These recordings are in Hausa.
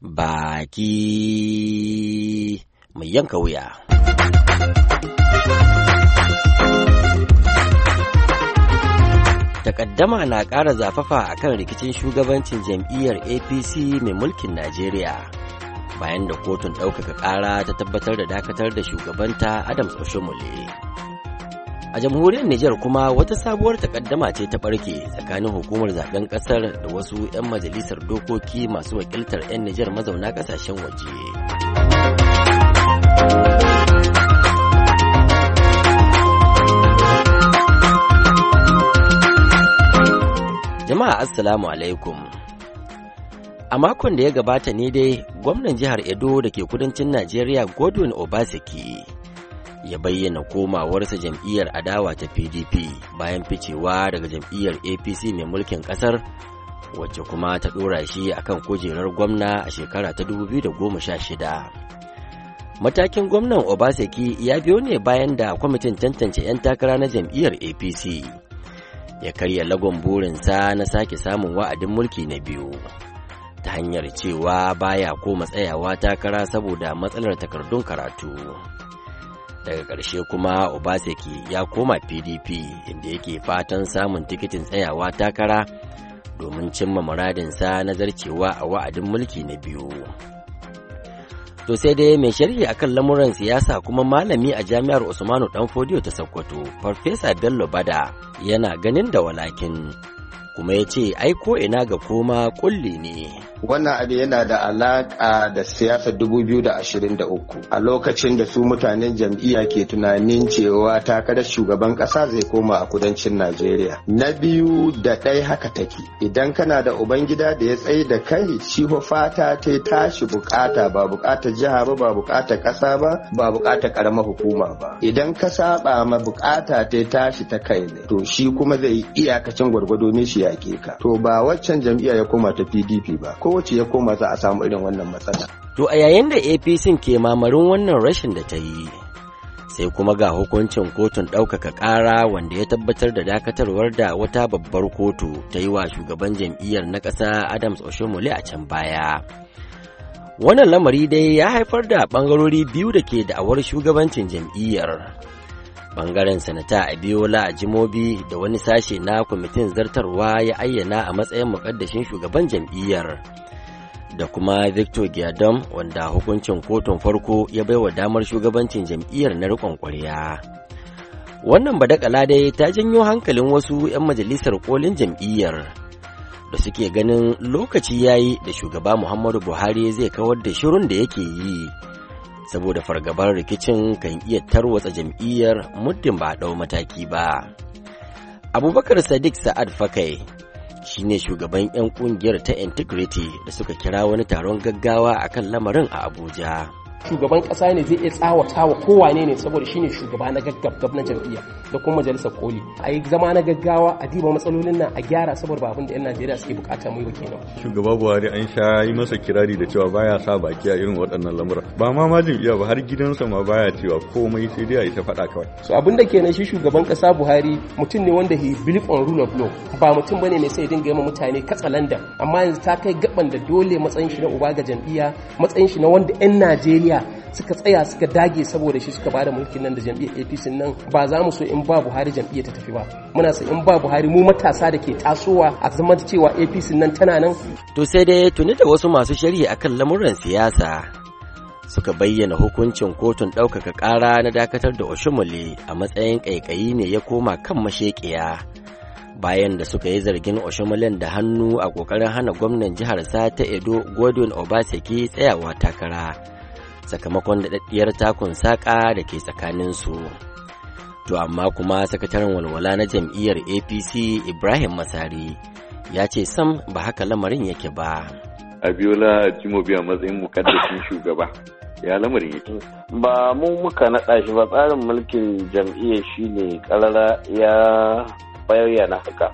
baki mai yanka wuya. Takaddama na ƙara zafafa a kan rikicin shugabancin jam'iyyar APC mai mulkin Najeriya. Bayan da kotun ɗaukaka ƙara ta tabbatar da dakatar da shugabanta Adams Oshomole. A jamhuriyar Nijar kuma wata sabuwar takaddama ce ta barke tsakanin hukumar zaben kasar da wasu 'yan majalisar dokoki masu wakiltar 'yan Nijar mazauna kasashen waje. Jama'a Assalamu alaikum. A makon da ya gabata ne dai gwamnan jihar Edo da ke kudancin Najeriya Godwin Obaseki. ya bayyana komawarsa jam'iyyar adawa ta pdp bayan ficewa daga jam'iyyar apc mai mulkin kasar wacce kuma ta ɗora shi akan kujerar gwamna a shekara ta 2016 matakin gwamnan obaseki ya biyo ne bayan da kwamitin tantance 'yan takara na jam'iyyar apc ya karya lagon burinsa na sake samun wa'adin mulki na biyu ta hanyar cewa baya koma tsayawa takara saboda matsalar takardun karatu. daga ƙarshe kuma obaseki ya koma pdp inda yake fatan samun tikitin tsayawa takara domin cimma muradinsa na zarcewa a wa'adin mulki na biyu to sai dai mai sharhi akan lamuran siyasa kuma malami a jami'ar usmanu danfodiyo ta sokoto farfesa bello bada yana ganin da walakin kuma ya ce ai ko ina ga koma kulli ne. Wannan abu yana da alaƙa da siyasa dubu biyu da da uku. a lokacin da su mutanen jam'iyya ke tunanin cewa takarar shugaban ƙasa zai koma a kudancin Najeriya. Na biyu da ɗaya haka take idan kana da ubangida da ya tsaye da kai shi fata ta tashi bukata ba bukatar jiha ba ba bukatar ƙasa ba ba bukatar ƙaramar hukuma ba. Idan ka saba ma bukata ta tashi ta kai ne to shi kuma zai iyakacin gwargwado ne shi yaƙe ka to ba waccan jam'iyya ya koma ta pdp ba ko wacce ya koma za a samu irin wannan matsala to a yayin da apc ke mamarin wannan rashin da ta yi sai kuma ga hukuncin kotun ɗaukaka ƙara wanda ya tabbatar da dakatarwar da wata babbar kotu ta yi wa shugaban jam'iyyar na ƙasa adams oshomole a can baya wannan lamari dai ya haifar da ɓangarori biyu da ke da'awar shugabancin jam'iyyar bangaren sanata abiola ajimobi da wani sashe na kwamitin zartarwa ya ayyana a matsayin mukaddashin shugaban jam'iyyar da kuma victor giadom wanda hukuncin kotun farko ya baiwa damar shugabancin jam'iyyar na riƙon kwarya wannan badakala dai ta janyo hankalin wasu 'yan majalisar kolin jam'iyyar da suke ganin lokaci yayi da shugaba muhammadu buhari zai kawar da shirin da yake yi saboda fargabar rikicin kan iya tarwatsa jam'iyyar muddin ba ɗau mataki ba. Abubakar Sadiq Sa'ad Fakai shi ne shugaban 'yan kungiyar ta Integrity da suka kira wani taron gaggawa akan lamarin a Abuja. shugaban kasa ne zai iya tsawata wa kowane ne saboda shine shugaba na gaggab na jam'iyya da kuma majalisar koli a yi zama na gaggawa a diba matsalolin nan a gyara saboda babun da yan najeriya suke bukata mu yi kenan shugaba buhari an sha yi masa kirari da cewa baya sa baki a irin waɗannan lamura ba ma ma jam'iyya ba har gidansa ma baya cewa komai sai dai a yi ta faɗa kawai so abin da kenan shi shugaban kasa buhari mutum ne wanda he believe on rule of law ba mutum bane mai sai dinga yi mutane katsalandan amma yanzu ta kai gaban da dole matsayin shi na uba ga jam'iyya matsayin shi na wanda yan najeriya tsaya suka tsaya suka dage saboda shi suka bada mulkin nan da jam'iyyar APC nan ba za mu so in ba Buhari jam'iyyar ta tafi ba muna so in ba Buhari mu matasa da ke tasowa a zaman cewa APC nan tana nan to sai dai tuni da wasu masu sharhi akan lamuran siyasa suka bayyana hukuncin kotun ɗaukaka ƙara na dakatar da oshumule, a matsayin ƙaiƙayi ne ya koma kan mashekiya bayan da suka yi zargin oshumulen da hannu a ƙoƙarin hana gwamnan jihar sa ta Edo Godwin Obaseki tsayawa takara. sakamakon daɗaɗɗiyar takun saƙa da ke tsakaninsu. To amma kuma sakataren walwala na jam'iyyar APC Ibrahim Masari ya ce sam ba haka lamarin yake ba. Abiola Jimobi a matsayin mukaddashin shugaba. ya lamarin yake. Ba mu muka naɗa shi ba tsarin mulkin jam'iyyar shi ne ƙarara ya bayyana haka.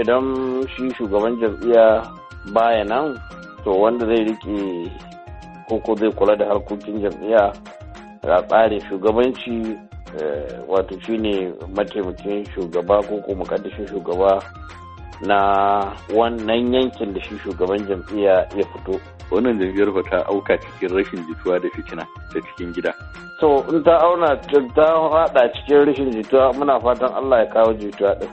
Idan shi shugaban jam'iyya baya nan to wanda zai riƙe koko zai kula da harkokin jam'iyya a tsarin shugabanci eh, wato shine mataimakin shugaba ko kuma mukaddashin shugaba na wannan yankin da shi shugaban jam'iyya ya fito wannan jam'iyyar ba ta auka cikin rashin jituwa da fitina ta cikin gida so in ta auna ta hada cikin rashin jituwa muna fatan allah ya kawo jituwa din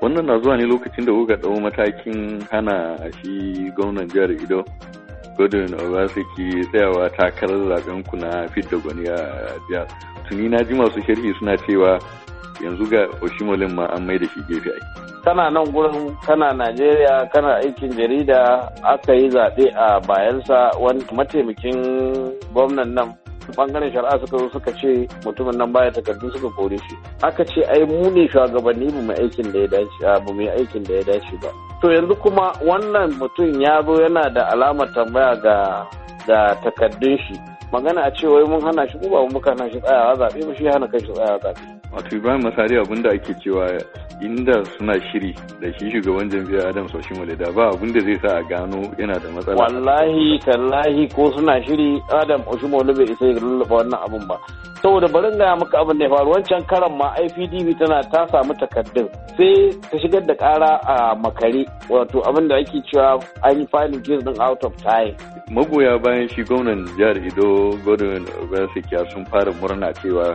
wannan na zuwa ne lokacin da kuka dau matakin hana shi gwamnan jihar ido godwin obaseki tsayawa takarar zaben ku na fidda gwani a jihar tuni na ji masu sharhi suna cewa yanzu ga oshimolin ma an mai da shi gefe ake. kana nan gurin kana najeriya kana aikin jarida aka yi zaɓe a bayansa wani mataimakin gwamnan nan bangaren shari'a suka zo suka ce mutumin nan baya takardu suka kore shi aka ce ai mu ne shugabanni mu mai aikin da ya dace ba mu aikin da ya dace ba to yanzu kuma wannan mutum ya zo yana da alamar tambaya ga ga takardun shi magana a ce wai mun hana shi ko ba mun hana shi tsayawa zabe ba shi hana kai shi tsayawa zabe wato ibrahim masari da ake cewa inda suna shiri da shi shugaban jam'iyyar adam soshimole da ba da zai sa a gano yana da matsala wallahi tallahi ko suna shiri adam mole bai isa ya lullaba wannan abin ba saboda barin gaya maka abin da ya faru wancan karan ma ipdb tana ta samu takardun sai ta shigar da kara a makare wato abin da ake cewa an yi filin case din out of time magoya bayan shi gwamnan jihar ido godwin obasanjo sun fara murna cewa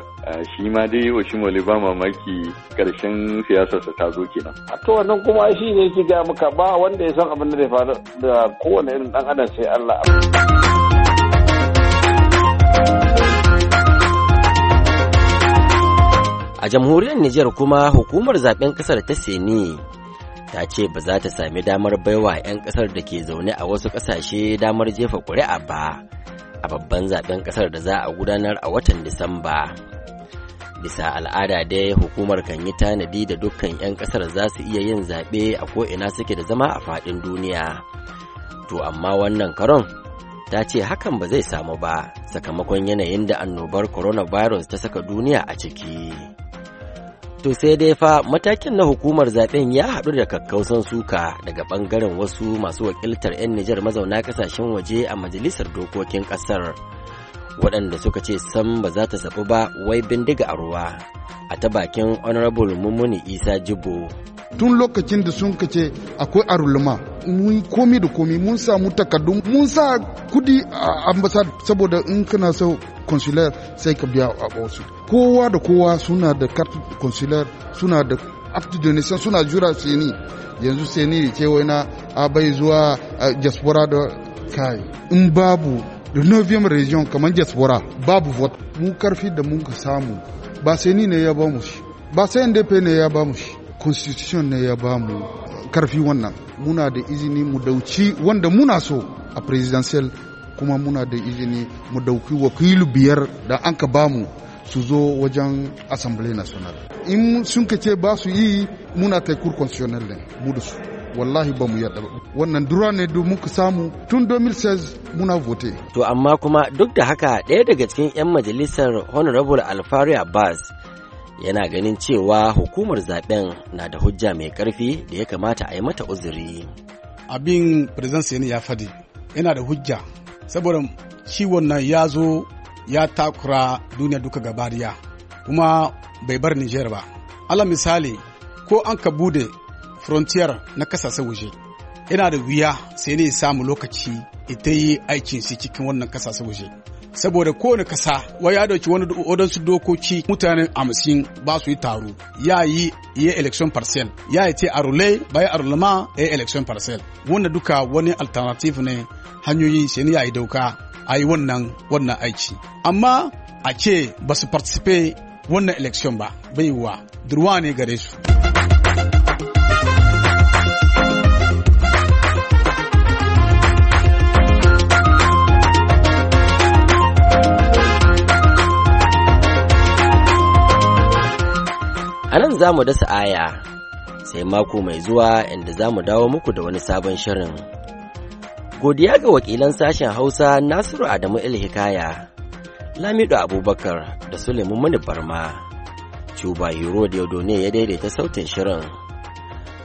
shi ma dai oshimole wani ba mamaki karshen siyasarsa ta zo kenan. A to wannan kuma shi ne yake gaya muka ba wanda ya san abin da zai faru da kowane irin dan adam sai Allah. A jamhuriyar Nijar kuma hukumar zaben kasar ta Seni ta ce ba za ta sami damar baiwa 'yan kasar da ke zaune a wasu kasashe damar jefa kuri'a ba a babban zaben kasar da za a gudanar a watan Disamba. bisa al'ada dai hukumar kan yi tanadi da dukkan 'yan kasar za su iya yin zaɓe a ko'ina suke da zama a faɗin duniya to amma wannan karon ta ce hakan ba zai samu ba sakamakon yanayin da annobar coronavirus ta saka duniya a ciki to sai dai fa matakin na hukumar zaɓen ya haɗu da kakkausan suka daga ɓangaren wasu masu wakiltar 'yan nijar mazauna ƙasashen waje a majalisar dokokin ƙasar waɗanda suka ce sam ba za ta sabu ba wai bindiga a ruwa a ta bakin honorable mummuni isa jibo tun lokacin da sun kace akwai arulma mun komi da komi mun samu takardu mun sa kudi a ambasad saboda in kana so consular sai ka biya a wasu kowa da kowa suna da carte consular suna da after donation suna jura seni yanzu seni ce wai na abai zuwa diaspora da kai in babu da noviyar region kamar diaspora babu vote mu karfi da mun ka samu ba sai ni ne ya ba mu shi ba sai ndp ne ya ba mu shi constitution ne ya ba mu karfi wannan muna da izini mu dauci wanda muna so a presidential kuma muna da izini mu dauki wakilu biyar da an ka ba mu su zo wajen assembly national in sun ka ce ba su yi muna kai cour constitutionnel ne mu da su wallahi ba mu yarda ba wannan dura ne da muka samu tun 2016 muna vote to amma kuma duk da haka ɗaya daga cikin 'yan majalisar honorable alfari abbas yana ganin cewa hukumar zaben na da hujja mai karfi da ya kamata a yi mata uzuri abin president ya fadi yana da hujja saboda ciwon nan ya zo ya takura duniya duka gabariya kuma bai bar Nijar ba. Ala misali ko an ka bude frontier na kasashen waje yana da wuya sai ne samu lokaci ita yi aikin shi cikin wannan kasashen waje saboda kowane kasa Wa ya dauki wani odansu dokoki mutanen amsin ba su yi taro ya yi iya election parcel ya yi ce a rule bai a ya election parcel wanda duka wani alternative ne hanyoyi shi ne ya yi dauka a yi wannan wannan aiki amma a ce ba su participate wannan election ba bai wa durwa ne gare su a nan za mu dasa aya sai mako mai zuwa inda za mu dawo muku da wani sabon shirin godiya ga wakilan sashen hausa nasiru adamu ilhikaya lamido abubakar da suleiman mani barma cuba hero ne ya daidaita sautin shirin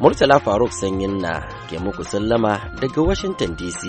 murtala faruk sanyin na ke muku sallama daga washington dc